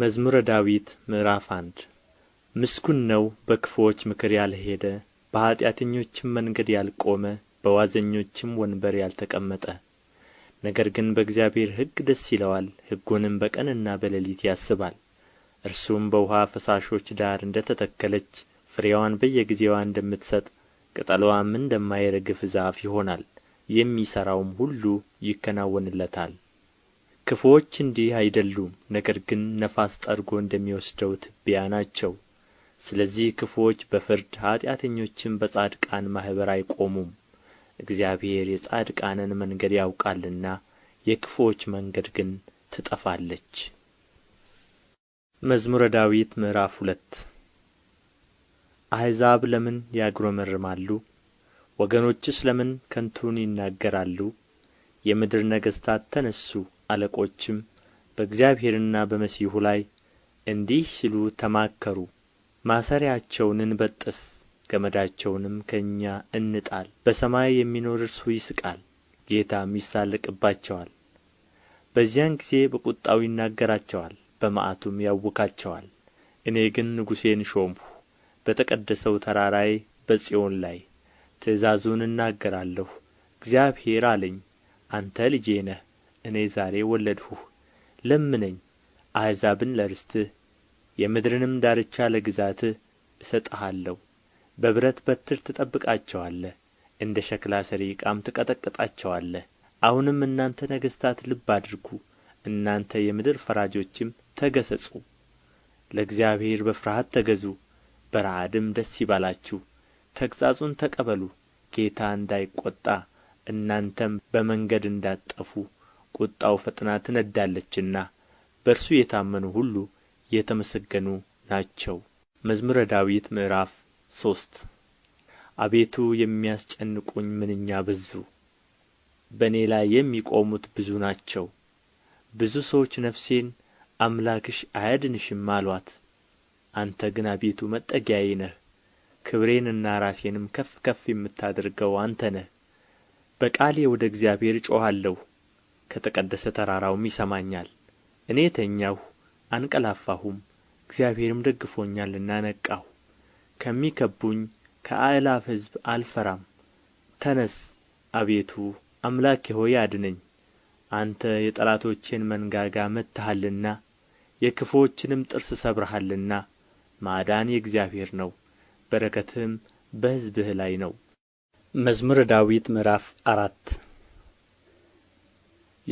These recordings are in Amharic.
መዝሙረ ዳዊት ምዕራፍ አንድ ምስጉን ነው በክፉዎች ምክር ያልሄደ በኃጢአተኞችም መንገድ ያልቆመ በዋዘኞችም ወንበር ያልተቀመጠ ነገር ግን በእግዚአብሔር ሕግ ደስ ይለዋል ሕጉንም በቀንና በሌሊት ያስባል እርሱም በውኃ ፈሳሾች ዳር እንደ ተተከለች ፍሬዋን በየጊዜዋ እንደምትሰጥ ቅጠሏም እንደማይረግፍ ዛፍ ይሆናል የሚሠራውም ሁሉ ይከናወንለታል ክፉዎች እንዲህ አይደሉም ነገር ግን ነፋስ ጠርጎ እንደሚወስደው ትቢያ ናቸው ስለዚህ ክፉዎች በፍርድ ኀጢአተኞችም በጻድቃን ማኅበር አይቆሙም እግዚአብሔር የጻድቃንን መንገድ ያውቃልና የክፉዎች መንገድ ግን ትጠፋለች። መዝሙረ ዳዊት ምዕራፍ ሁለት አሕዛብ ለምን ያጉረመርማሉ? ወገኖችስ ለምን ከንቱን ይናገራሉ? የምድር ነገሥታት ተነሡ አለቆችም በእግዚአብሔርና በመሲሑ ላይ እንዲህ ሲሉ ተማከሩ ማሰሪያቸውን እንበጥስ ገመዳቸውንም ከእኛ እንጣል በሰማይ የሚኖር እርሱ ይስቃል ጌታም ይሳለቅባቸዋል በዚያን ጊዜ በቁጣው ይናገራቸዋል በመዓቱም ያውካቸዋል እኔ ግን ንጉሴን ሾምሁ በተቀደሰው ተራራዬ በጽዮን ላይ ትእዛዙን እናገራለሁ እግዚአብሔር አለኝ አንተ ልጄ ነህ እኔ ዛሬ ወለድሁህ ለምነኝ አሕዛብን ለርስትህ የምድርንም ዳርቻ ለግዛትህ እሰጥሃለሁ በብረት በትር ትጠብቃቸዋለህ እንደ ሸክላ ሰሪ ዕቃም ትቀጠቅጣቸዋለህ አሁንም እናንተ ነገሥታት ልብ አድርጉ እናንተ የምድር ፈራጆችም ተገሠጹ ለእግዚአብሔር በፍርሃት ተገዙ በረዓድም ደስ ይባላችሁ ተግሣጹን ተቀበሉ ጌታ እንዳይቈጣ እናንተም በመንገድ እንዳትጠፉ ቍጣው ፈጥና ትነዳለችና በእርሱ የታመኑ ሁሉ የተመሰገኑ ናቸው መዝሙረ ዳዊት ምዕራፍ ሶስት አቤቱ የሚያስጨንቁኝ ምንኛ በዙ በእኔ ላይ የሚቆሙት ብዙ ናቸው ብዙ ሰዎች ነፍሴን አምላክሽ አያድንሽም አሏት አንተ ግን አቤቱ መጠጊያዬ ነህ ክብሬንና ራሴንም ከፍ ከፍ የምታደርገው አንተ ነህ በቃሌ ወደ እግዚአብሔር እጮኻለሁ ከተቀደሰ ተራራውም ይሰማኛል እኔ ተኛሁ አንቀላፋሁም እግዚአብሔርም ደግፎኛልና ነቃሁ ከሚከቡኝ ከአእላፍ ሕዝብ አልፈራም ተነስ አቤቱ አምላኬ ሆይ አድነኝ አንተ የጠላቶቼን መንጋጋ መትሃልና የክፉዎችንም ጥርስ ሰብረሃልና ማዳን የእግዚአብሔር ነው በረከትህም በሕዝብህ ላይ ነው መዝሙር ዳዊት ምዕራፍ አራት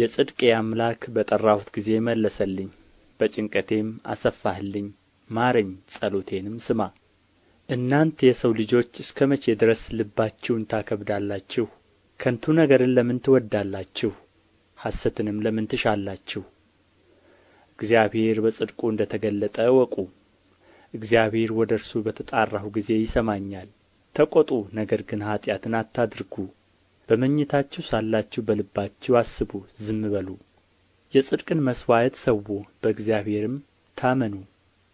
የጽድቄ አምላክ በጠራሁት ጊዜ መለሰልኝ፣ በጭንቀቴም አሰፋህልኝ፣ ማረኝ፣ ጸሎቴንም ስማ። እናንተ የሰው ልጆች እስከ መቼ ድረስ ልባችሁን ታከብዳላችሁ? ከንቱ ነገርን ለምን ትወዳላችሁ? ሐሰትንም ለምን ትሻላችሁ? እግዚአብሔር በጽድቁ እንደ ተገለጠ እወቁ። እግዚአብሔር ወደ እርሱ በተጣራሁ ጊዜ ይሰማኛል። ተቈጡ፣ ነገር ግን ኀጢአትን አታድርጉ። በመኝታችሁ ሳላችሁ በልባችሁ አስቡ ዝም በሉ የጽድቅን መሥዋዕት ሰዉ፣ በእግዚአብሔርም ታመኑ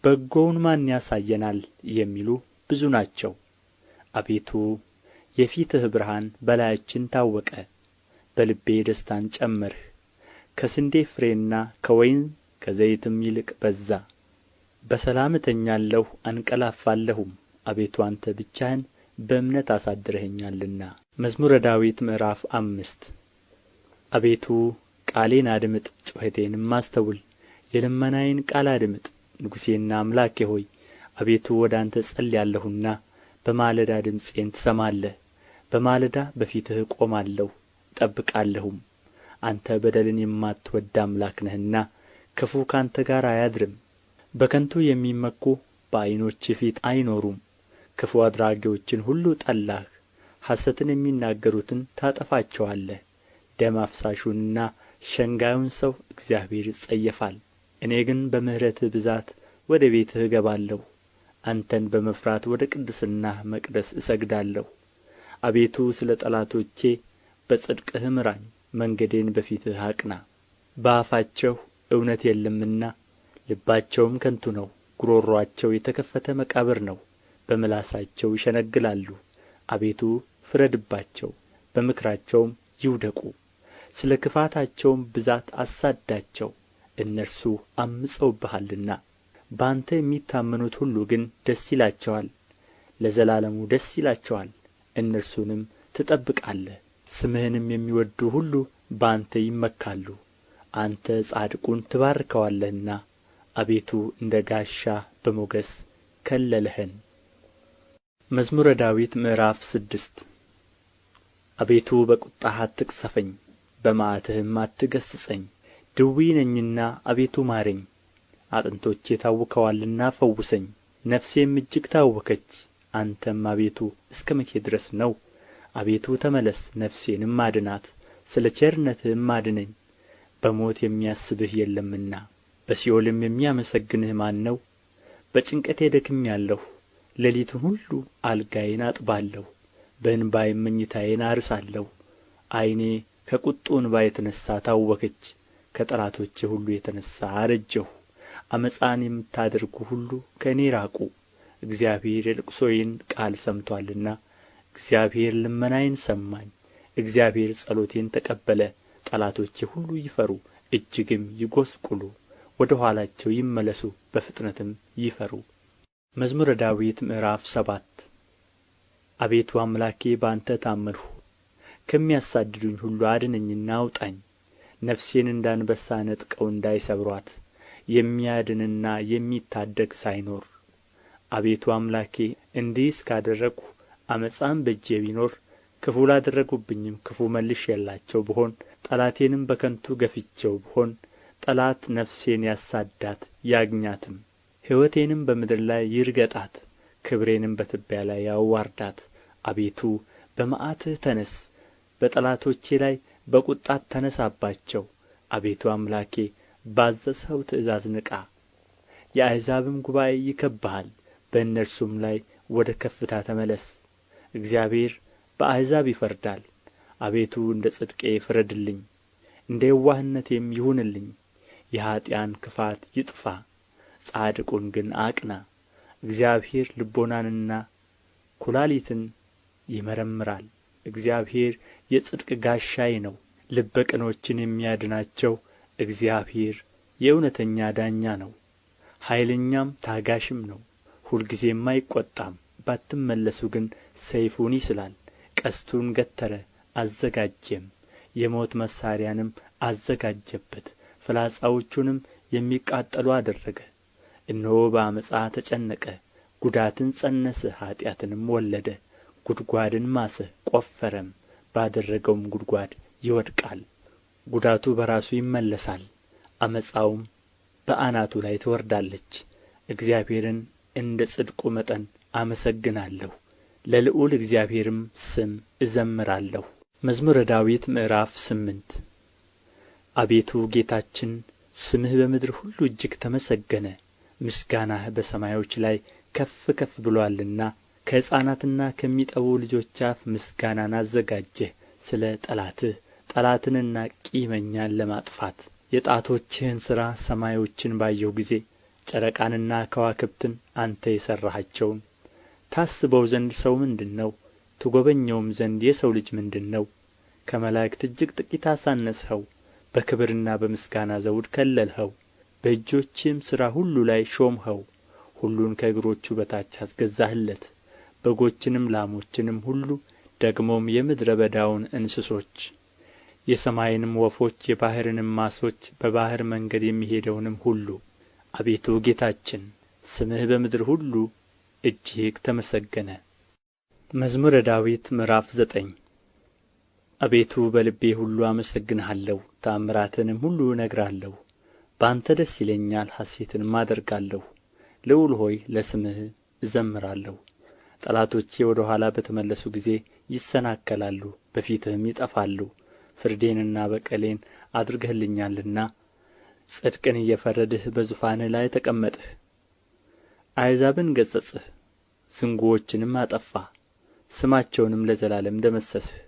በጎውን ማን ያሳየናል የሚሉ ብዙ ናቸው አቤቱ የፊትህ ብርሃን በላያችን ታወቀ በልቤ ደስታን ጨመርህ ከስንዴ ፍሬና ከወይን ከዘይትም ይልቅ በዛ በሰላም እተኛለሁ አንቀላፋለሁም አቤቱ አንተ ብቻህን በእምነት አሳድረኸኛልና መዝሙረ ዳዊት ምዕራፍ አምስት አቤቱ ቃሌን አድምጥ ጩኸቴንም አስተውል የልመናዬን ቃል አድምጥ ንጉሴና አምላኬ ሆይ አቤቱ ወደ አንተ ጸልያለሁና በማለዳ ድምፄን ትሰማለህ በማለዳ በፊትህ እቆማለሁ እጠብቃለሁም አንተ በደልን የማትወድ አምላክ ነህና ክፉ ካንተ ጋር አያድርም በከንቱ የሚመኩ በዐይኖችህ ፊት አይኖሩም ክፉ አድራጊዎችን ሁሉ ጠላህ ሐሰትን የሚናገሩትን ታጠፋቸዋለህ ደም አፍሳሹንና ሸንጋዩን ሰው እግዚአብሔር ይጸየፋል እኔ ግን በምሕረትህ ብዛት ወደ ቤትህ እገባለሁ አንተን በመፍራት ወደ ቅድስናህ መቅደስ እሰግዳለሁ አቤቱ ስለ ጠላቶቼ በጽድቅህ ምራኝ መንገዴን በፊትህ አቅና በአፋቸው እውነት የለምና ልባቸውም ከንቱ ነው ጉሮሮአቸው የተከፈተ መቃብር ነው በምላሳቸው ይሸነግላሉ አቤቱ ፍረድባቸው በምክራቸውም ይውደቁ ስለ ክፋታቸውም ብዛት አሳዳቸው እነርሱ አምፀውብሃልና። በአንተ የሚታመኑት ሁሉ ግን ደስ ይላቸዋል ለዘላለሙ ደስ ይላቸዋል እነርሱንም ትጠብቃለህ ስምህንም የሚወዱ ሁሉ በአንተ ይመካሉ አንተ ጻድቁን ትባርከዋለህና አቤቱ እንደ ጋሻ በሞገስ ከለለህን። መዝሙረ ዳዊት ምዕራፍ ስድስት አቤቱ በቁጣህ አትቅሰፈኝ፣ በመዓትህም አትገስጸኝ። ድዊ ነኝና አቤቱ ማረኝ፣ አጥንቶቼ ታውከዋልና ፈውሰኝ። ነፍሴም እጅግ ታወከች። አንተም አቤቱ እስከ መቼ ድረስ ነው? አቤቱ ተመለስ፣ ነፍሴንም አድናት፣ ስለ ቸርነትህም አድነኝ። በሞት የሚያስብህ የለምና በሲኦልም የሚያመሰግንህ ማን ነው? በጭንቀቴ ደክሜአለሁ ሌሊቱን ሁሉ አልጋዬን አጥባለሁ በእንባዬም መኝታዬን አርሳለሁ ዐይኔ ከቍጡ እንባ የተነሣ ታወከች ከጠላቶቼ ሁሉ የተነሣ አረጀሁ ዓመፃን የምታደርጉ ሁሉ ከእኔ ራቁ እግዚአብሔር የልቅሶዬን ቃል ሰምቶአልና እግዚአብሔር ልመናዬን ሰማኝ እግዚአብሔር ጸሎቴን ተቀበለ ጠላቶቼ ሁሉ ይፈሩ እጅግም ይጐስቁሉ ወደ ኋላቸው ይመለሱ በፍጥነትም ይፈሩ መዝሙረ ዳዊት ምዕራፍ ሰባት አቤቱ አምላኬ በአንተ ታመንሁ፣ ከሚያሳድዱኝ ሁሉ አድነኝና አውጣኝ። ነፍሴን እንዳንበሳ ነጥቀው እንዳይሰብሯት፣ የሚያድንና የሚታደግ ሳይኖር። አቤቱ አምላኬ እንዲህ እስካደረግሁ፣ ዓመፃም በእጄ ቢኖር፣ ክፉ ላደረጉብኝም ክፉ የላቸው ብሆን፣ ጠላቴንም በከንቱ ገፍቼው ብሆን፣ ጠላት ነፍሴን ያሳዳት ያግኛትም ሕይወቴንም በምድር ላይ ይርገጣት ክብሬንም በትቢያ ላይ ያዋርዳት አቤቱ በመዓትህ ተነስ በጠላቶቼ ላይ በቁጣት ተነሳባቸው። አቤቱ አምላኬ ባዘዝኸው ትእዛዝ ንቃ የአሕዛብም ጉባኤ ይከብሃል፣ በእነርሱም ላይ ወደ ከፍታ ተመለስ እግዚአብሔር በአሕዛብ ይፈርዳል አቤቱ እንደ ጽድቄ ፍረድልኝ እንደ የዋህነቴም ይሁንልኝ የኀጥኣን ክፋት ይጥፋ ጻድቁን ግን አቅና እግዚአብሔር ልቦናንና ኵላሊትን ይመረምራል እግዚአብሔር የጽድቅ ጋሻዬ ነው ልበ ቅኖችን የሚያድናቸው እግዚአብሔር የእውነተኛ ዳኛ ነው ኃይለኛም ታጋሽም ነው ሁልጊዜም አይቈጣም ባትመለሱ ግን ሰይፉን ይስላል ቀስቱን ገተረ አዘጋጀም የሞት መሣሪያንም አዘጋጀበት ፍላጻዎቹንም የሚቃጠሉ አደረገ እነሆ በዓመፃ ተጨነቀ ጉዳትን ፀነሰ ኃጢአትንም ወለደ ጕድጓድን ማሰ ቈፈረም ባደረገውም ጕድጓድ ይወድቃል ጉዳቱ በራሱ ይመለሳል ዓመፃውም በአናቱ ላይ ትወርዳለች እግዚአብሔርን እንደ ጽድቁ መጠን አመሰግናለሁ ለልዑል እግዚአብሔርም ስም እዘምራለሁ መዝሙረ ዳዊት ምዕራፍ ስምንት አቤቱ ጌታችን ስምህ በምድር ሁሉ እጅግ ተመሰገነ ምስጋናህ በሰማዮች ላይ ከፍ ከፍ ብሎአልና ከሕፃናትና ከሚጠቡ ልጆች አፍ ምስጋናን አዘጋጀህ ስለ ጠላትህ ጠላትንና ቂመኛን ለማጥፋት የጣቶችህን ሥራ ሰማዮችን ባየሁ ጊዜ ጨረቃንና ከዋክብትን አንተ የሠራሃቸውን ታስበው ዘንድ ሰው ምንድን ነው? ትጐበኘውም ዘንድ የሰው ልጅ ምንድን ነው? ከመላእክት እጅግ ጥቂት አሳነስኸው፣ በክብርና በምስጋና ዘውድ ከለልኸው። በእጆችም ሥራ ሁሉ ላይ ሾምኸው ሁሉን ከእግሮቹ በታች አስገዛህለት በጎችንም ላሞችንም ሁሉ ደግሞም የምድረ በዳውን እንስሶች የሰማይንም ወፎች የባሕርንም ማሶች በባሕር መንገድ የሚሄደውንም ሁሉ አቤቱ ጌታችን ስምህ በምድር ሁሉ እጅግ ተመሰገነ። መዝሙረ ዳዊት ምዕራፍ ዘጠኝ አቤቱ በልቤ ሁሉ አመሰግንሃለሁ፣ ተአምራትንም ሁሉ እነግራለሁ። በአንተ ደስ ይለኛል ሐሤትንም አደርጋለሁ ልዑል ሆይ ለስምህ እዘምራለሁ ጠላቶቼ ወደ ኋላ በተመለሱ ጊዜ ይሰናከላሉ በፊትህም ይጠፋሉ ፍርዴንና በቀሌን አድርገህልኛልና ጽድቅን እየፈረድህ በዙፋንህ ላይ ተቀመጥህ አሕዛብን ገሠጽህ ዝንጉዎችንም አጠፋ ስማቸውንም ለዘላለም ደመሰስህ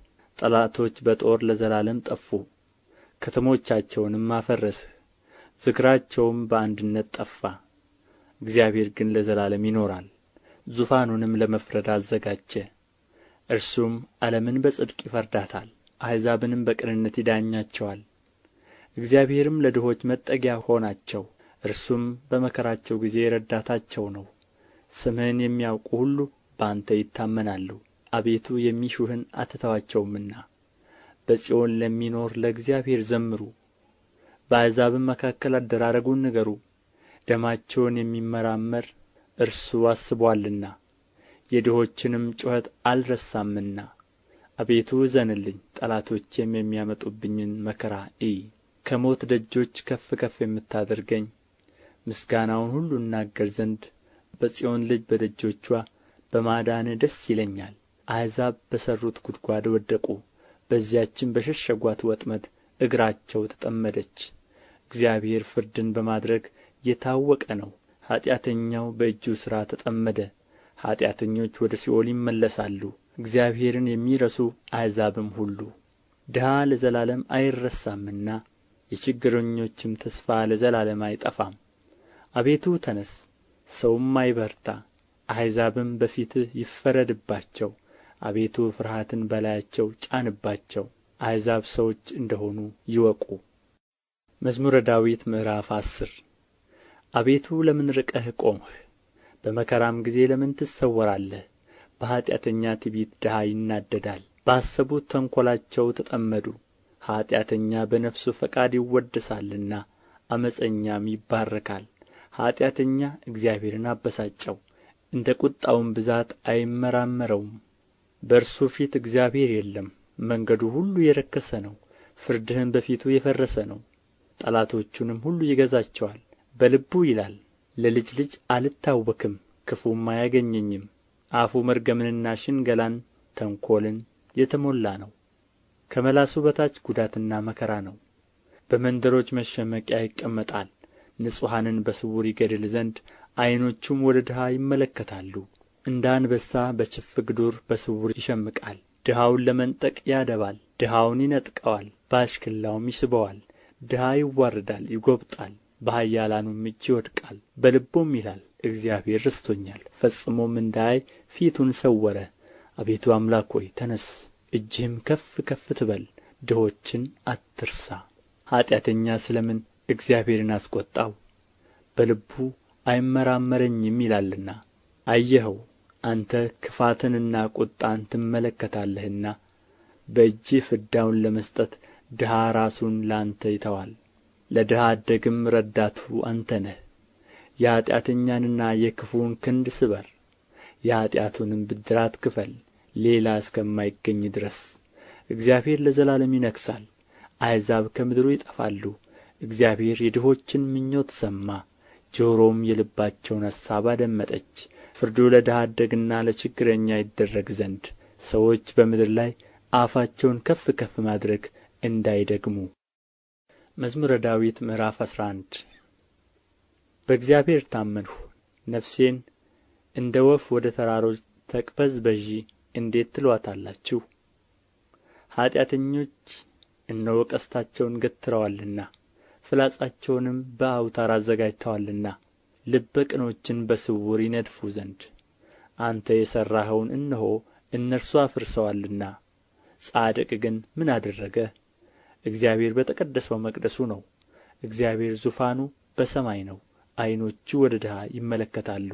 ጠላቶች በጦር ለዘላለም ጠፉ ከተሞቻቸውንም አፈረስህ ዝክራቸውም በአንድነት ጠፋ እግዚአብሔር ግን ለዘላለም ይኖራል ዙፋኑንም ለመፍረድ አዘጋጀ እርሱም ዓለምን በጽድቅ ይፈርዳታል አሕዛብንም በቅንነት ይዳኛቸዋል እግዚአብሔርም ለድሆች መጠጊያ ሆናቸው እርሱም በመከራቸው ጊዜ ረዳታቸው ነው ስምህን የሚያውቁ ሁሉ በአንተ ይታመናሉ አቤቱ የሚሹህን አትተዋቸውምና በጽዮን ለሚኖር ለእግዚአብሔር ዘምሩ በአሕዛብም መካከል አደራረጉን ንገሩ ደማቸውን የሚመራመር እርሱ አስቦአልና የድሆችንም ጩኸት አልረሳምና አቤቱ እዘንልኝ ጠላቶቼም የሚያመጡብኝን መከራ እይ ከሞት ደጆች ከፍ ከፍ የምታደርገኝ ምስጋናውን ሁሉ እናገር ዘንድ በጽዮን ልጅ በደጆቿ በማዳንህ ደስ ይለኛል አሕዛብ በሠሩት ጕድጓድ ወደቁ በዚያችም በሸሸጓት ወጥመድ እግራቸው ተጠመደች እግዚአብሔር ፍርድን በማድረግ የታወቀ ነው ኃጢአተኛው በእጁ ሥራ ተጠመደ ኃጢአተኞች ወደ ሲኦል ይመለሳሉ እግዚአብሔርን የሚረሱ አሕዛብም ሁሉ ድሃ ለዘላለም አይረሳምና የችግረኞችም ተስፋ ለዘላለም አይጠፋም አቤቱ ተነስ ሰውም አይበርታ አሕዛብም በፊትህ ይፈረድባቸው አቤቱ ፍርሃትን በላያቸው ጫንባቸው አሕዛብ ሰዎች እንደሆኑ ይወቁ መዝሙረ ዳዊት ምዕራፍ አስር አቤቱ ለምን ርቀህ ቆምህ? በመከራም ጊዜ ለምን ትሰወራለህ? በኀጢአተኛ ትቢት ድሀ ይናደዳል። ባሰቡት ተንኰላቸው ተጠመዱ። ኀጢአተኛ በነፍሱ ፈቃድ ይወደሳልና ዓመፀኛም ይባረካል። ኀጢአተኛ እግዚአብሔርን አበሳጨው፣ እንደ ቍጣውም ብዛት አይመራመረውም። በእርሱ ፊት እግዚአብሔር የለም። መንገዱ ሁሉ የረከሰ ነው ፍርድህም በፊቱ የፈረሰ ነው ጠላቶቹንም ሁሉ ይገዛቸዋል በልቡ ይላል ለልጅ ልጅ አልታወክም ክፉም አያገኘኝም አፉ መርገምንና ሽንገላን ተንኰልን የተሞላ ነው ከመላሱ በታች ጉዳትና መከራ ነው በመንደሮች መሸመቂያ ይቀመጣል ንጹሐንን በስውር ይገድል ዘንድ ዐይኖቹም ወደ ድሃ ይመለከታሉ እንደ አንበሳ በችፍግ ዱር በስውር ይሸምቃል ድሃውን ለመንጠቅ ያደባል ድሃውን ይነጥቀዋል በአሽክላውም ይስበዋል ድሀ ይዋረዳል ይጐብጣል በኃያላኑም እጅ ይወድቃል በልቡም ይላል እግዚአብሔር ረስቶኛል ፈጽሞም እንዳያይ ፊቱን ሰወረ አቤቱ አምላክ ሆይ ተነስ፣ እጅህም ከፍ ከፍ ትበል ድሆችን አትርሳ ኀጢአተኛ ስለ ምን እግዚአብሔርን አስቈጣው በልቡ አይመራመረኝም ይላልና አየኸው አንተ ክፋትንና ቁጣን ትመለከታለህና በእጅህ ፍዳውን ለመስጠት ድሀ ራሱን ለአንተ ይተዋል ለድሀ አደግም ረዳቱ አንተ ነህ የኀጢአተኛንና የክፉውን ክንድ ስበር የኀጢአቱንም ብድራት ክፈል ሌላ እስከማይገኝ ድረስ እግዚአብሔር ለዘላለም ይነግሣል አሕዛብ ከምድሩ ይጠፋሉ እግዚአብሔር የድሆችን ምኞት ሰማ ጆሮም የልባቸውን ሐሳብ አደመጠች ፍርዱ ለድሀ አደግና ለችግረኛ ይደረግ ዘንድ ሰዎች በምድር ላይ አፋቸውን ከፍ ከፍ ማድረግ እንዳይደግሙ መዝሙረ ዳዊት ምዕራፍ አስራ አንድ በእግዚአብሔር ታመንሁ ነፍሴን እንደ ወፍ ወደ ተራሮች ተቅበዝበዢ እንዴት ትሏታላችሁ? ኀጢአተኞች እነሆ ቀስታቸውን ገትረዋልና ፍላጻቸውንም በአውታር አዘጋጅተዋልና ልበ ቅኖችን በስውር ይነድፉ ዘንድ አንተ የሠራኸውን እነሆ እነርሱ አፍርሰዋልና ጻድቅ ግን ምን አደረገ እግዚአብሔር በተቀደሰው መቅደሱ ነው እግዚአብሔር ዙፋኑ በሰማይ ነው ዐይኖቹ ወደ ድሀ ይመለከታሉ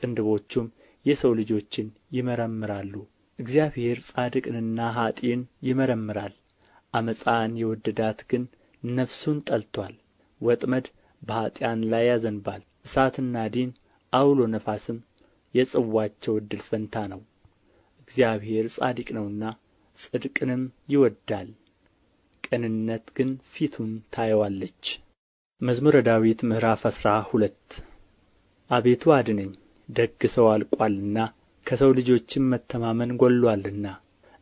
ቅንድቦቹም የሰው ልጆችን ይመረምራሉ እግዚአብሔር ጻድቅንና ኀጢን ይመረምራል አመፃን የወደዳት ግን ነፍሱን ጠልቶአል ወጥመድ በኀጢአን ላይ ያዘንባል እሳትና ዲን ዐውሎ ነፋስም የጽዋቸው እድል ፈንታ ነው እግዚአብሔር ጻድቅ ነውና ጽድቅንም ይወድዳል ቅንነት ግን ፊቱን ታየዋለች መዝሙረ ዳዊት ምዕራፍ አስራ ሁለት አቤቱ አድነኝ ደግ ሰው አልቋልና ከሰው ልጆችም መተማመን ጐድሎአልና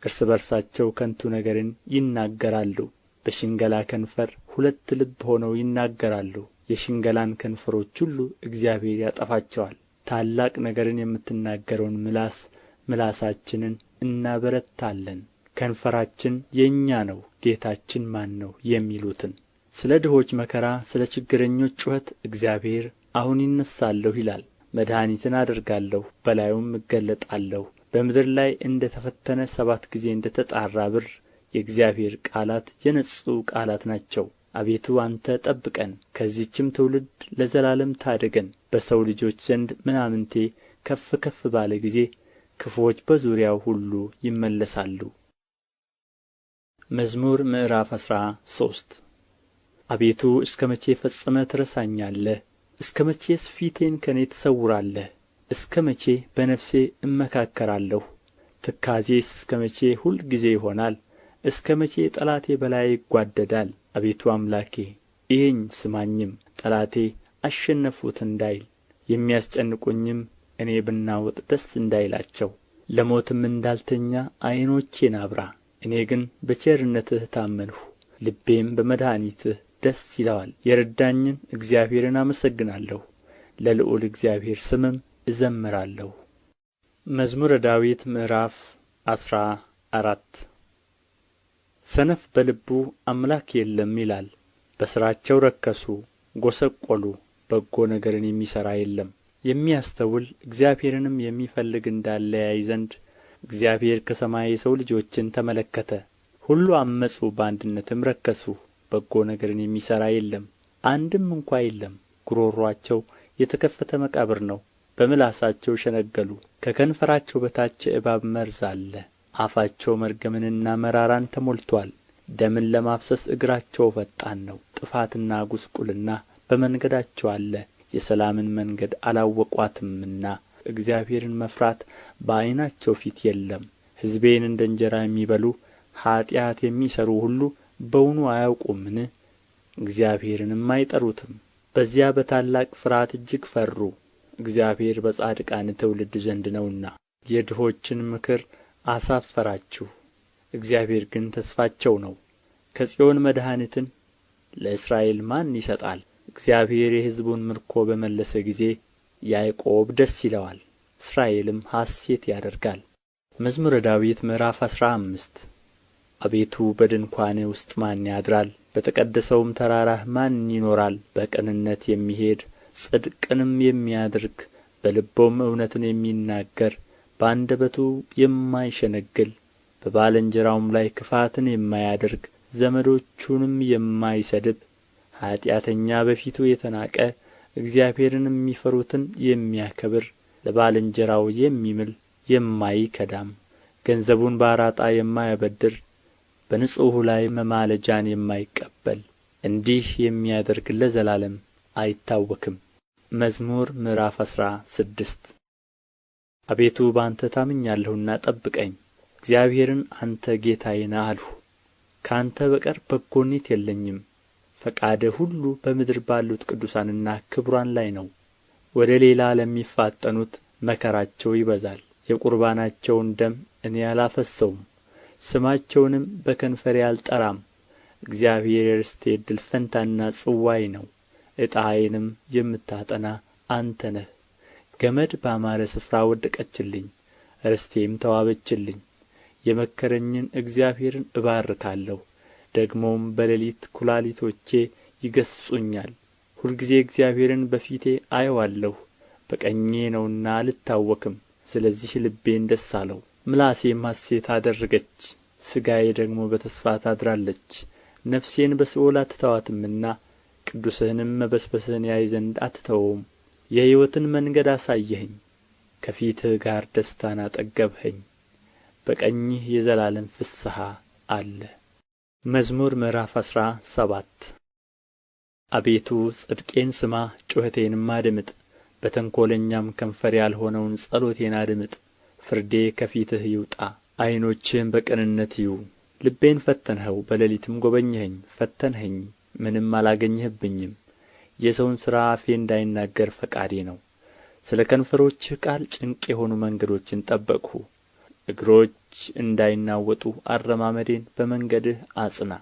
እርስ በርሳቸው ከንቱ ነገርን ይናገራሉ በሽንገላ ከንፈር ሁለት ልብ ሆነው ይናገራሉ የሽንገላን ከንፈሮች ሁሉ እግዚአብሔር ያጠፋቸዋል ታላቅ ነገርን የምትናገረውን ምላስ ምላሳችንን እናበረታለን ከንፈራችን የእኛ ነው ጌታችን ማን ነው የሚሉትን ስለ ድሆች መከራ ስለ ችግረኞች ጩኸት እግዚአብሔር አሁን ይነሳለሁ ይላል መድኃኒትን አደርጋለሁ በላዩም እገለጣለሁ በምድር ላይ እንደ ተፈተነ ሰባት ጊዜ እንደ ተጣራ ብር የእግዚአብሔር ቃላት የነጹ ቃላት ናቸው አቤቱ አንተ ጠብቀን ከዚህችም ትውልድ ለዘላለም ታደገን በሰው ልጆች ዘንድ ምናምንቴ ከፍ ከፍ ባለ ጊዜ ክፉዎች በዙሪያው ሁሉ ይመለሳሉ መዝሙር ምዕራፍ አስራ ሶስት አቤቱ እስከ መቼ ፈጽመ ትረሳኛለህ እስከ መቼስ ፊቴን ከእኔ ትሰውራለህ እስከ መቼ በነፍሴ እመካከራለሁ ትካዜስ እስከ መቼ ሁልጊዜ ይሆናል እስከ መቼ ጠላቴ በላዬ ይጓደዳል አቤቱ አምላኬ ይህኝ ስማኝም ጠላቴ አሸነፉት እንዳይል የሚያስጨንቁኝም እኔ ብናወጥ ደስ እንዳይላቸው ለሞትም እንዳልተኛ ዐይኖቼን አብራ እኔ ግን በቸርነትህ ታመንሁ ልቤም በመድኃኒትህ ደስ ይለዋል የረዳኝን እግዚአብሔርን አመሰግናለሁ ለልዑል እግዚአብሔር ስምም እዘምራለሁ መዝሙረ ዳዊት ምዕራፍ አስራ አራት ሰነፍ በልቡ አምላክ የለም ይላል በሥራቸው ረከሱ ጐሰቈሉ በጎ ነገርን የሚሠራ የለም የሚያስተውል እግዚአብሔርንም የሚፈልግ እንዳለ ያይ ዘንድ እግዚአብሔር ከሰማይ የሰው ልጆችን ተመለከተ ሁሉ አመፁ፣ በአንድነትም ረከሱ በጎ ነገርን የሚሠራ የለም አንድም እንኳ የለም ጉሮሮአቸው የተከፈተ መቃብር ነው በምላሳቸው ሸነገሉ ከከንፈራቸው በታች የእባብ መርዝ አለ አፋቸው መርገምንና መራራን ተሞልቶአል ደምን ለማፍሰስ እግራቸው ፈጣን ነው ጥፋትና ጉስቁልና በመንገዳቸው አለ የሰላምን መንገድ አላወቋትምና። እግዚአብሔርን መፍራት በአይናቸው ፊት የለም ሕዝቤን እንደ እንጀራ የሚበሉ ኀጢአት የሚሠሩ ሁሉ በውኑ አያውቁምን እግዚአብሔርንም አይጠሩትም በዚያ በታላቅ ፍርሃት እጅግ ፈሩ እግዚአብሔር በጻድቃን ትውልድ ዘንድ ነውና የድሆችን ምክር አሳፈራችሁ እግዚአብሔር ግን ተስፋቸው ነው ከጽዮን መድኃኒትን ለእስራኤል ማን ይሰጣል እግዚአብሔር የሕዝቡን ምርኮ በመለሰ ጊዜ ያዕቆብ ደስ ይለዋል እስራኤልም ሐሴት ያደርጋል መዝሙረ ዳዊት ምዕራፍ አስራ አምስት አቤቱ በድንኳኔ ውስጥ ማን ያድራል በተቀደሰውም ተራራህ ማን ይኖራል በቅንነት የሚሄድ ጽድቅንም የሚያደርግ በልቦም እውነትን የሚናገር በአንደበቱ የማይሸነግል በባልንጀራውም ላይ ክፋትን የማያደርግ ዘመዶቹንም የማይሰድብ ኃጢአተኛ በፊቱ የተናቀ እግዚአብሔርን የሚፈሩትን የሚያከብር ለባልንጀራው የሚምል የማይከዳም ገንዘቡን በአራጣ የማያበድር በንጹሑ ላይ መማለጃን የማይቀበል እንዲህ የሚያደርግ ለዘላለም አይታወክም መዝሙር ምዕራፍ አስራ ስድስት አቤቱ በአንተ ታምኛለሁና ጠብቀኝ እግዚአብሔርን አንተ ጌታዬ ነህ አልሁ ከአንተ በቀር በጎነት የለኝም ፈቃድህ ሁሉ በምድር ባሉት ቅዱሳንና ክቡራን ላይ ነው ወደ ሌላ ለሚፋጠኑት መከራቸው ይበዛል የቁርባናቸውን ደም እኔ አላፈሰውም ስማቸውንም በከንፈሬ አልጠራም እግዚአብሔር የርስቴ እድል ፈንታና ጽዋዬ ነው ዕጣዬንም የምታጠና አንተ ነህ ገመድ ባማረ ስፍራ ወደቀችልኝ ርስቴም ተዋበችልኝ የመከረኝን እግዚአብሔርን እባርካለሁ ደግሞም በሌሊት ኵላሊቶቼ ይገሥጹኛል ሁልጊዜ እግዚአብሔርን በፊቴ አየዋለሁ በቀኜ ነውና አልታወክም ስለዚህ ልቤን ደስ አለው ምላሴም ሐሴት አደረገች ሥጋዬ ደግሞ በተስፋ ታድራለች ነፍሴን በሲኦል አትተዋትምና ቅዱስህንም መበስበስን ያይ ዘንድ አትተወውም የሕይወትን መንገድ አሳየኸኝ ከፊትህ ጋር ደስታን አጠገብኸኝ በቀኝህ የዘላለም ፍስሐ አለ መዝሙር ምዕራፍ አስራ ሰባት አቤቱ ጽድቄን ስማ ጩኸቴንም አድምጥ በተንኰለኛም ከንፈር ያልሆነውን ጸሎቴን አድምጥ ፍርዴ ከፊትህ ይውጣ ዐይኖችህም በቅንነት ይዩ ልቤን ፈተንኸው በሌሊትም ጐበኘኸኝ ፈተንኸኝ ምንም አላገኘህብኝም የሰውን ሥራ አፌ እንዳይናገር ፈቃዴ ነው ስለ ከንፈሮችህ ቃል ጭንቅ የሆኑ መንገዶችን ጠበቅሁ እግሮች እንዳይናወጡ አረማመዴን በመንገድህ አጽና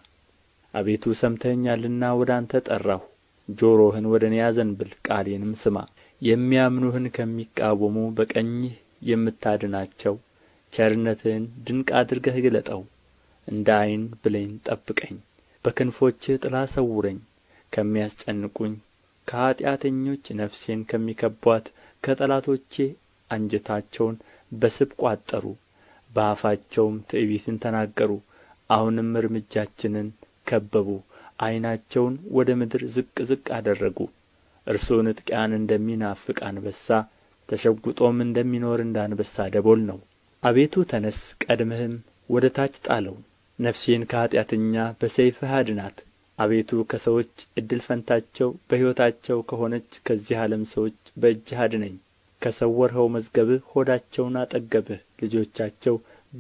አቤቱ ሰምተኸኛልና ወደ አንተ ጠራሁ ጆሮህን ወደ እኔ አዘንብል ቃሌንም ስማ የሚያምኑህን ከሚቃወሙ በቀኝህ የምታድናቸው ቸርነትህን ድንቅ አድርገህ ግለጠው እንደ ዐይን ብሌን ጠብቀኝ በክንፎችህ ጥላ ሰውረኝ ከሚያስጨንቁኝ ከኃጢአተኞች ነፍሴን ከሚከቧት ከጠላቶቼ አንጀታቸውን በስብ ቋጠሩ በአፋቸውም ትዕቢትን ተናገሩ አሁንም እርምጃችንን ከበቡ ዐይናቸውን ወደ ምድር ዝቅ ዝቅ አደረጉ እርሱ ንጥቂያን እንደሚናፍቅ አንበሳ ተሸጕጦም እንደሚኖር እንዳንበሳ ደቦል ነው አቤቱ ተነስ ቀድምህም ወደ ታች ጣለው ነፍሴን ከኀጢአተኛ በሰይፍህ አድናት አቤቱ ከሰዎች እድል ፈንታቸው በሕይወታቸው ከሆነች ከዚህ ዓለም ሰዎች በእጅህ አድነኝ ከሰወርኸው መዝገብህ ሆዳቸውን አጠገብህ ልጆቻቸው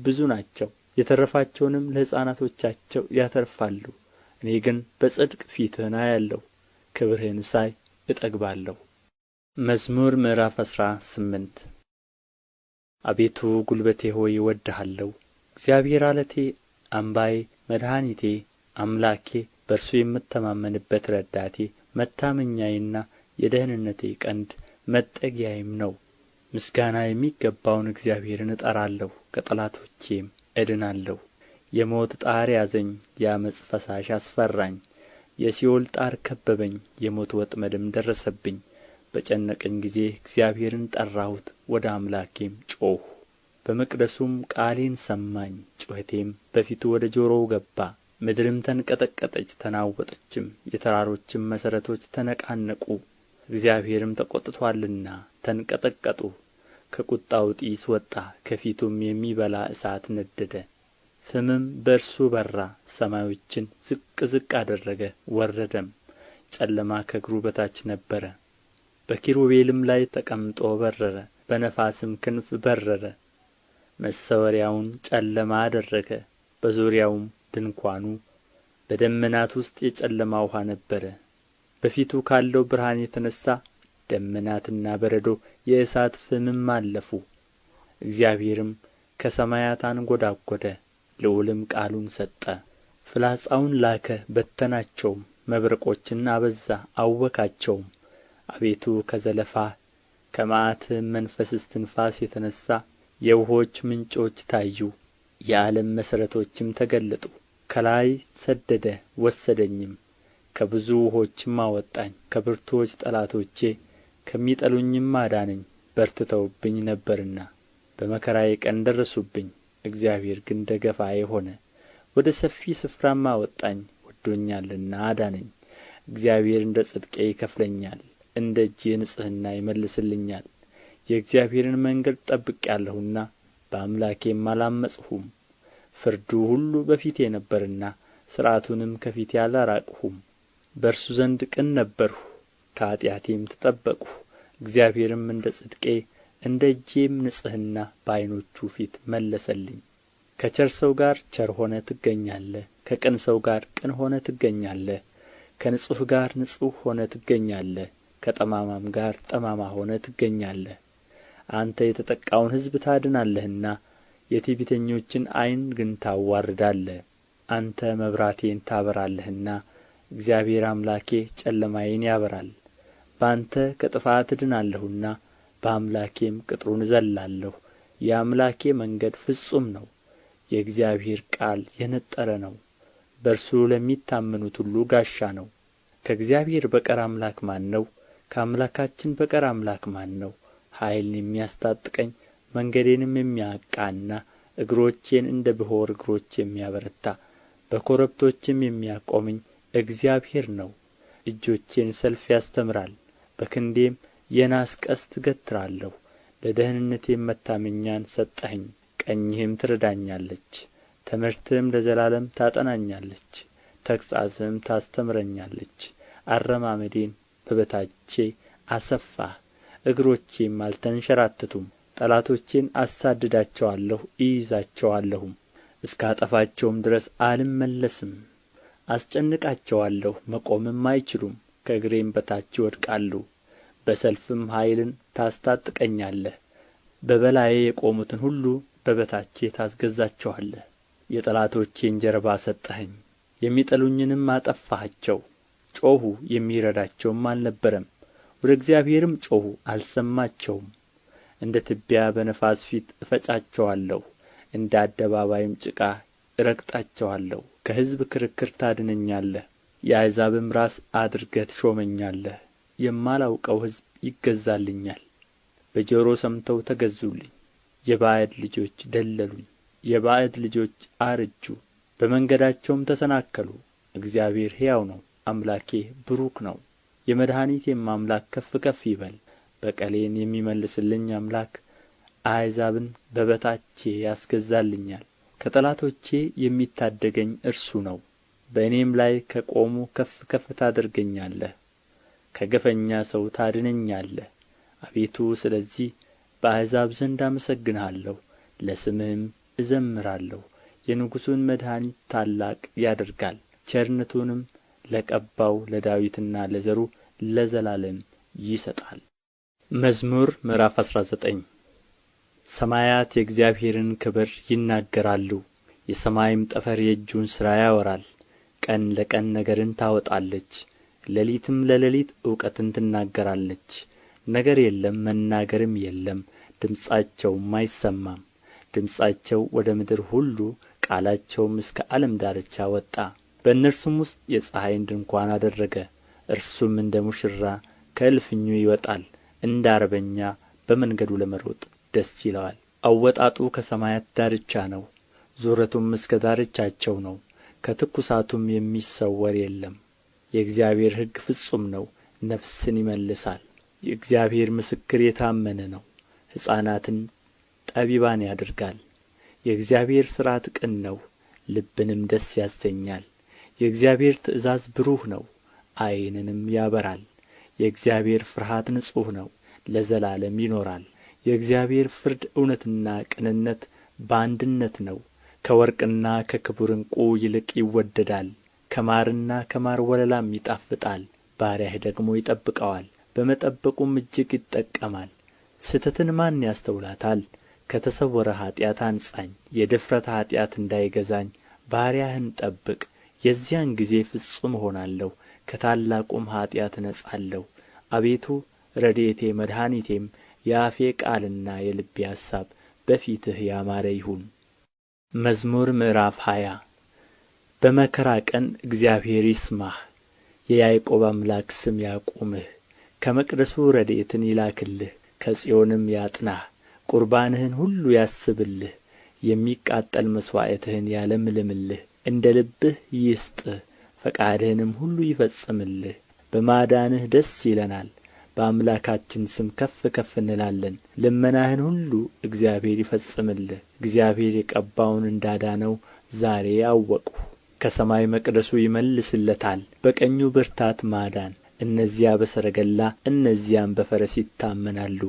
ብዙ ናቸው የተረፋቸውንም ለሕፃናቶቻቸው ያተርፋሉ እኔ ግን በጽድቅ ፊትህን አያለሁ ክብርህን ሳይ እጠግባለሁ መዝሙር ምዕራፍ አስራ ስምንት አቤቱ ጉልበቴ ሆይ እወድሃለሁ እግዚአብሔር አለቴ አምባዬ መድኃኒቴ አምላኬ በእርሱ የምተማመንበት ረዳቴ መታመኛዬና የደኅንነቴ ቀንድ መጠጊያዬም ነው ምስጋና የሚገባውን እግዚአብሔርን እጠራለሁ ከጠላቶቼም እድናለሁ የሞት ጣር ያዘኝ የአመፅ ፈሳሽ አስፈራኝ የሲኦል ጣር ከበበኝ የሞት ወጥመድም ደረሰብኝ በጨነቀኝ ጊዜ እግዚአብሔርን ጠራሁት ወደ አምላኬም ጮኽሁ በመቅደሱም ቃሌን ሰማኝ ጩኸቴም በፊቱ ወደ ጆሮው ገባ ምድርም ተንቀጠቀጠች ተናወጠችም፣ የተራሮችም መሠረቶች ተነቃነቁ። እግዚአብሔርም ተቈጥቶአልና ተንቀጠቀጡ። ከቁጣው ጢስ ወጣ፣ ከፊቱም የሚበላ እሳት ነደደ። ፍምም በእርሱ በራ፣ ሰማዮችን ዝቅ ዝቅ አደረገ ወረደም። ጨለማ ከእግሩ በታች ነበረ። በኪሩቤልም ላይ ተቀምጦ በረረ፣ በነፋስም ክንፍ በረረ። መሰወሪያውን ጨለማ አደረገ፣ በዙሪያውም ድንኳኑ በደመናት ውስጥ የጨለማ ውኃ ነበረ በፊቱ ካለው ብርሃን የተነሣ ደመናትና በረዶ የእሳት ፍምም አለፉ እግዚአብሔርም ከሰማያት አንጐዳጐደ፣ ልዑልም ቃሉን ሰጠ ፍላጻውን ላከ በተናቸውም መብረቆችን አበዛ አወካቸውም አቤቱ ከዘለፋ ከመዓትህም መንፈስ እስትንፋስ የተነሣ የውኆች ምንጮች ታዩ የዓለም መሠረቶችም ተገለጡ ከላይ ሰደደ ወሰደኝም ከብዙ ውኆችም አወጣኝ ከብርቱዎች ጠላቶቼ ከሚጠሉኝም አዳነኝ በርትተውብኝ ነበርና በመከራዬ ቀን ደረሱብኝ እግዚአብሔር ግን ደገፋዬ ሆነ ወደ ሰፊ ስፍራም አወጣኝ ወዶኛልና አዳነኝ እግዚአብሔር እንደ ጽድቄ ይከፍለኛል እንደ እጄ ንጽሕና ይመልስልኛል የእግዚአብሔርን መንገድ ጠብቄአለሁና በአምላኬም አላመፅሁም ፍርዱ ሁሉ በፊቴ ነበርና ሥርዓቱንም ከፊቴ አላራቅሁም በእርሱ ዘንድ ቅን ነበርሁ ከኃጢአቴም ተጠበቅሁ እግዚአብሔርም እንደ ጽድቄ እንደ እጄም ንጽሕና በዐይኖቹ ፊት መለሰልኝ ከቸር ሰው ጋር ቸር ሆነ ትገኛለህ ከቅን ሰው ጋር ቅን ሆነ ትገኛለህ ከንጹሕ ጋር ንጹሕ ሆነ ትገኛለህ ከጠማማም ጋር ጠማማ ሆነ ትገኛለህ አንተ የተጠቃውን ሕዝብ ታድናለህና የትዕቢተኞችን ዓይን ግን ታዋርዳለህ አንተ መብራቴን ታበራለህና እግዚአብሔር አምላኬ ጨለማዬን ያበራል በአንተ ከጥፋት እድናለሁና በአምላኬም ቅጥሩን እዘልላለሁ የአምላኬ መንገድ ፍጹም ነው የእግዚአብሔር ቃል የነጠረ ነው በእርሱ ለሚታመኑት ሁሉ ጋሻ ነው ከእግዚአብሔር በቀር አምላክ ማን ነው ከአምላካችን በቀር አምላክ ማን ነው ኃይልን የሚያስታጥቀኝ መንገዴንም የሚያቃና እግሮቼን እንደ ብሖር እግሮች የሚያበረታ በኮረብቶችም የሚያቆመኝ እግዚአብሔር ነው እጆቼን ሰልፍ ያስተምራል በክንዴም የናስ ቀስት እገትራለሁ ለደኅንነቴም መታመኛን ሰጠኸኝ ቀኝህም ትረዳኛለች ትምህርትህም ለዘላለም ታጠናኛለች ተግሣጽህም ታስተምረኛለች አረማመዴን በበታቼ አሰፋህ እግሮቼም አልተንሸራተቱም ጠላቶቼን አሳድዳቸዋለሁ እይዛቸዋለሁም እስካጠፋቸውም ድረስ አልመለስም አስጨንቃቸዋለሁ መቆምም አይችሉም ከእግሬም በታች ይወድቃሉ በሰልፍም ኃይልን ታስታጥቀኛለህ በበላዬ የቆሙትን ሁሉ በበታቼ ታስገዛቸዋለህ የጠላቶቼን ጀርባ ሰጠኸኝ የሚጠሉኝንም አጠፋሃቸው ጮኹ የሚረዳቸውም አልነበረም ወደ እግዚአብሔርም ጮኹ አልሰማቸውም እንደ ትቢያ በነፋስ ፊት እፈጫቸዋለሁ እንደ አደባባይም ጭቃ እረግጣቸዋለሁ ከሕዝብ ክርክር ታድነኛለህ የአሕዛብም ራስ አድርገህ ትሾመኛለህ የማላውቀው ሕዝብ ይገዛልኛል በጆሮ ሰምተው ተገዙልኝ የባዕድ ልጆች ደለሉኝ የባዕድ ልጆች አርጁ በመንገዳቸውም ተሰናከሉ እግዚአብሔር ሕያው ነው አምላኬ ብሩክ ነው የመድኃኒቴም አምላክ ከፍ ከፍ ይበል በቀሌን የሚመልስልኝ አምላክ አሕዛብን በበታቼ ያስገዛልኛል ከጠላቶቼ የሚታደገኝ እርሱ ነው በእኔም ላይ ከቆሙ ከፍ ከፍ ታደርገኛለህ ከገፈኛ ሰው ታድነኛለህ አቤቱ ስለዚህ በአሕዛብ ዘንድ አመሰግንሃለሁ ለስምህም እዘምራለሁ የንጉሡን መድኃኒት ታላቅ ያደርጋል ቸርነቱንም ለቀባው ለዳዊትና ለዘሩ ለዘላለም ይሰጣል መዝሙር ምዕራፍ አስራ ዘጠኝ ሰማያት የእግዚአብሔርን ክብር ይናገራሉ፣ የሰማይም ጠፈር የእጁን ሥራ ያወራል። ቀን ለቀን ነገርን ታወጣለች፣ ሌሊትም ለሌሊት እውቀትን ትናገራለች። ነገር የለም መናገርም የለም፣ ድምፃቸውም አይሰማም። ድምፃቸው ወደ ምድር ሁሉ ቃላቸውም እስከ ዓለም ዳርቻ ወጣ። በእነርሱም ውስጥ የፀሐይን ድንኳን አደረገ፣ እርሱም እንደ ሙሽራ ከእልፍኙ ይወጣል። እንደ አርበኛ በመንገዱ ለመሮጥ ደስ ይለዋል አወጣጡ ከሰማያት ዳርቻ ነው ዙረቱም እስከ ዳርቻቸው ነው ከትኩሳቱም የሚሰወር የለም የእግዚአብሔር ሕግ ፍጹም ነው ነፍስን ይመልሳል የእግዚአብሔር ምስክር የታመነ ነው ሕፃናትን ጠቢባን ያደርጋል የእግዚአብሔር ሥርዓት ቅን ነው ልብንም ደስ ያሰኛል የእግዚአብሔር ትእዛዝ ብሩህ ነው ዐይንንም ያበራል የእግዚአብሔር ፍርሃት ንጹሕ ነው ለዘላለም ይኖራል የእግዚአብሔር ፍርድ እውነትና ቅንነት በአንድነት ነው ከወርቅና ከክቡር ዕንቁ ይልቅ ይወደዳል ከማርና ከማር ወለላም ይጣፍጣል ባሪያህ ደግሞ ይጠብቀዋል በመጠበቁም እጅግ ይጠቀማል ስህተትን ማን ያስተውላታል ከተሰወረ ኀጢአት አንጻኝ የድፍረት ኀጢአት እንዳይገዛኝ ባሪያህን ጠብቅ የዚያን ጊዜ ፍጹም እሆናለሁ ከታላቁም ኃጢአት እነጻለሁ አቤቱ ረድኤቴ መድኃኒቴም የአፌ ቃልና የልቤ ሐሳብ በፊትህ ያማረ ይሁን መዝሙር ምዕራፍ ሃያ በመከራ ቀን እግዚአብሔር ይስማህ የያዕቆብ አምላክ ስም ያቁምህ ከመቅደሱ ረድኤትን ይላክልህ ከጽዮንም ያጥናህ ቁርባንህን ሁሉ ያስብልህ የሚቃጠል መሥዋዕትህን ያለምልምልህ እንደ ልብህ ይስጥህ ፈቃድህንም ሁሉ ይፈጽምልህ በማዳንህ ደስ ይለናል በአምላካችን ስም ከፍ ከፍ እንላለን ልመናህን ሁሉ እግዚአብሔር ይፈጽምልህ እግዚአብሔር የቀባውን እንዳዳነው ዛሬ አወቁ። ከሰማይ መቅደሱ ይመልስለታል በቀኙ ብርታት ማዳን እነዚያ በሰረገላ እነዚያም በፈረስ ይታመናሉ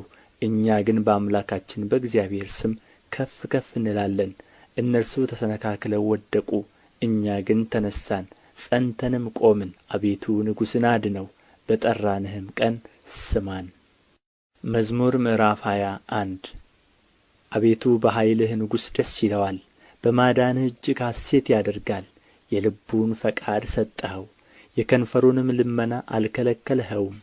እኛ ግን በአምላካችን በእግዚአብሔር ስም ከፍ ከፍ እንላለን እነርሱ ተሰነካክለው ወደቁ እኛ ግን ተነሳን። ጸንተንም ቆምን አቤቱ ንጉሥን አድነው በጠራንህም ቀን ስማን መዝሙር ምዕራፍ ሃያ አንድ አቤቱ በኃይልህ ንጉሥ ደስ ይለዋል በማዳንህ እጅግ ሐሴት ያደርጋል የልቡን ፈቃድ ሰጠኸው የከንፈሩንም ልመና አልከለከልኸውም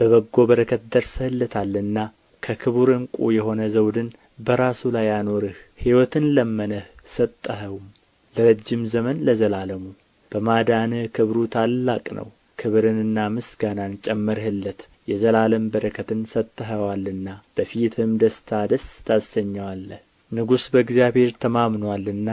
በበጎ በረከት ደርሰህለታልና ከክቡር ዕንቁ የሆነ ዘውድን በራሱ ላይ አኖርህ ሕይወትን ለመነህ ሰጠኸውም ለረጅም ዘመን ለዘላለሙ በማዳንህ ክብሩ ታላቅ ነው ክብርንና ምስጋናን ጨመርህለት የዘላለም በረከትን ሰጥተኸዋልና በፊትህም ደስታ ደስ ታሰኘዋለህ ንጉሥ በእግዚአብሔር ተማምኖአልና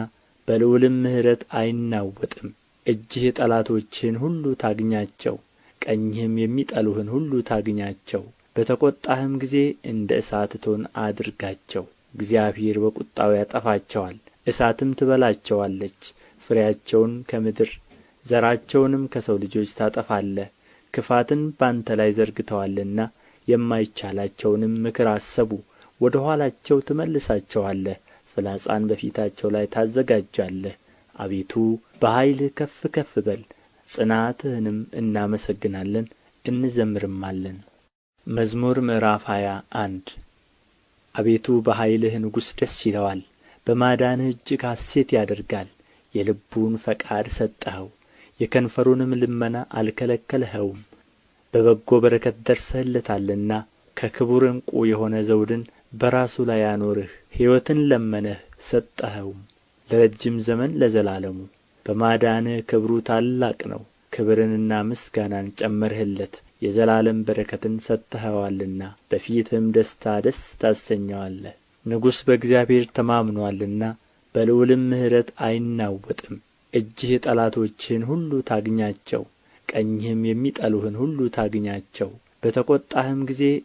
በልዑልም ምሕረት አይናወጥም እጅህ ጠላቶችህን ሁሉ ታግኛቸው ቀኝህም የሚጠሉህን ሁሉ ታግኛቸው በተቈጣህም ጊዜ እንደ እሳት እቶን አድርጋቸው እግዚአብሔር በቍጣው ያጠፋቸዋል እሳትም ትበላቸዋለች ፍሬያቸውን ከምድር ዘራቸውንም ከሰው ልጆች ታጠፋለህ ክፋትን በአንተ ላይ ዘርግተዋልና የማይቻላቸውንም ምክር አሰቡ ወደ ኋላቸው ትመልሳቸዋለህ ፍላጻን በፊታቸው ላይ ታዘጋጃለህ አቤቱ በኃይልህ ከፍ ከፍ በል ጽናትህንም እናመሰግናለን እንዘምርማለን መዝሙር ምዕራፍ ሃያ አንድ አቤቱ በኃይልህ ንጉሥ ደስ ይለዋል በማዳንህ እጅግ ሐሴት ያደርጋል የልቡን ፈቃድ ሰጠኸው የከንፈሩንም ልመና አልከለከልኸውም በበጎ በረከት ደርሰህለታልና ከክቡር ዕንቍ የሆነ ዘውድን በራሱ ላይ አኖርህ ሕይወትን ለመነህ ሰጠኸውም ለረጅም ዘመን ለዘላለሙ በማዳንህ ክብሩ ታላቅ ነው ክብርንና ምስጋናን ጨመርህለት የዘላለም በረከትን ሰጥተኸዋልና በፊትህም ደስታ ደስ ታሰኘዋለህ ንጉሥ በእግዚአብሔር ተማምኖአልና በልዑልም ምሕረት አይናወጥም እጅህ ጠላቶችህን ሁሉ ታግኛቸው ቀኝህም የሚጠሉህን ሁሉ ታግኛቸው በተቈጣህም ጊዜ